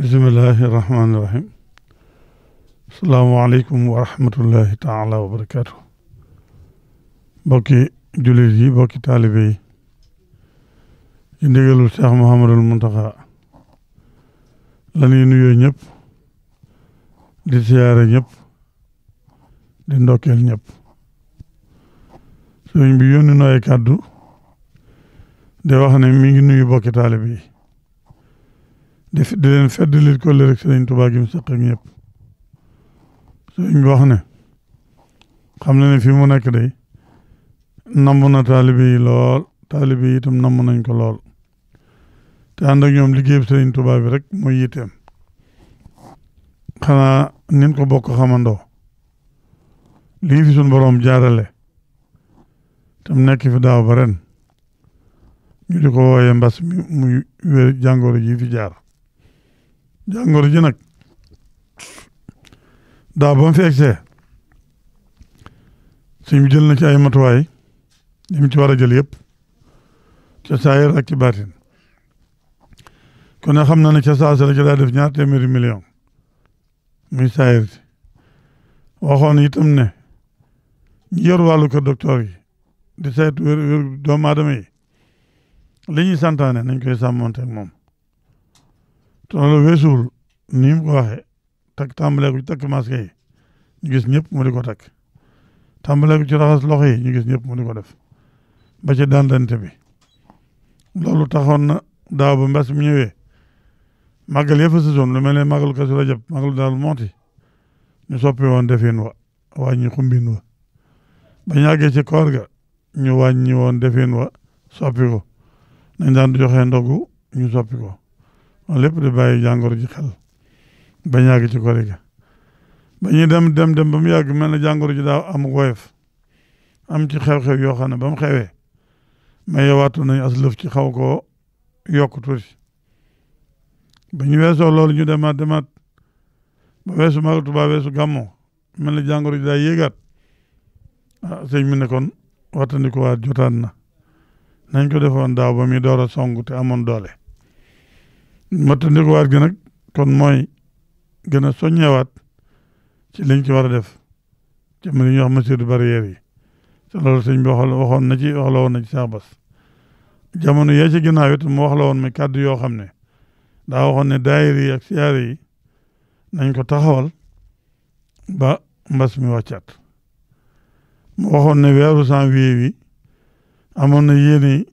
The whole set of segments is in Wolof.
bismillahi irrahmaaniirrahim asalaamualeykum wa rahmatullahi taala wa barakaatu bokki jullit yi bokki taalibe yi ci ndigalul cheikh muntaxa la ñuy nuyoo ñëpp di siyaare ñëpp di ndokkeel ñëpp sëriñ bi yónni nooy kàddu de wax ne mi nuyu bokki taalibe di di leen feddalil ko rek sëriñ Tuubaa gi mu sëq ak ñëpp sëriñ bi wax ne xam na ne mu nekk day namm na taalibe lool taalibe yi itam namm nañ ko lool te ànd ak ñoom liggéey bi sëriñ bi rek mooy yitteem ko bokk xamandoo lii fi suñ boroom jaarale tam nekk fi daaw ba ñu di ko wooyee mbas mi muy wér jàngoro jaar jàngoro ji nag daa ba mu fi egsee jël na ci ay matuwaay li mu ci war a jël yëpp ca saayir ak ci baatin kon nag xam na ne ca saasa la ci daa def ñaar téeméeri million muy saayir si waxoon itam ne ñi yor wàllu kër docteur yi di saytu wér wér doomu aadama santaane nañ koy sàmmonte ak moom loolu weesuwul ni mu ko waxee takk tàmbaleeku ci takk masque yi gis ñëpp mu di ko takk tàmbaleeku ci raxas loxo yi ñu gis ñëpp mu di ko def ba ci dandante bi loolu taxoon na daaw ba mbas mi ñëwee màggal yëpp lu mel ne màggalu Kazu Rajab màggalu daal monti ñu soppi woon defin wa wàññi xumbin wa ba ñu àggee koor ga ñu wàññi woon defin wa soppi ko nañ daan joxe ndogu ñu soppi ko lépp di bàyyi jàngoro ji xel bañ ci kori ga ba ñuy dem dem dem ba mu yàgg mel na jàngoro ji daaw am woyof am ci xew-xew yoo xam ne ba mu xewee mais yowaatu nañu as lëf ci xaw koo yokk tuuti ba ñu weesoo loolu ñu demaat demaat ba weesu Màggal Tuubaa weesu gàmmu mel na jàngoro ji daa yéegaat ah sëñ mi ne kon wattandikuwaat jotaat na nañ ko defoon daaw ba muy door a song te amoon doole mattandikuwaat gi nag kon mooy gën a soññewaat ci liñ ci war a def jëmm li ñuy wax mesures barrières yi sa sëñ bi waxoon na ci wax woon na ci Cheikh Bass jamono yee ci ginnaaw it mu wax la woon mi kàddu yoo xam ne daa waxoon ne daayir yi ak siyaar yi nañ ko taxawal ba mbas mi wàccaat mu waxoon ne weeru janvier wi amoon na yéene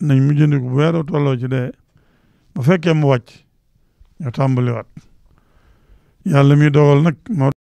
nañ mujjandiku bu weeru tolloo ci dee bu fekkee mu wàcc ñu tàmbaliwaat yàlla mi dogal nag moo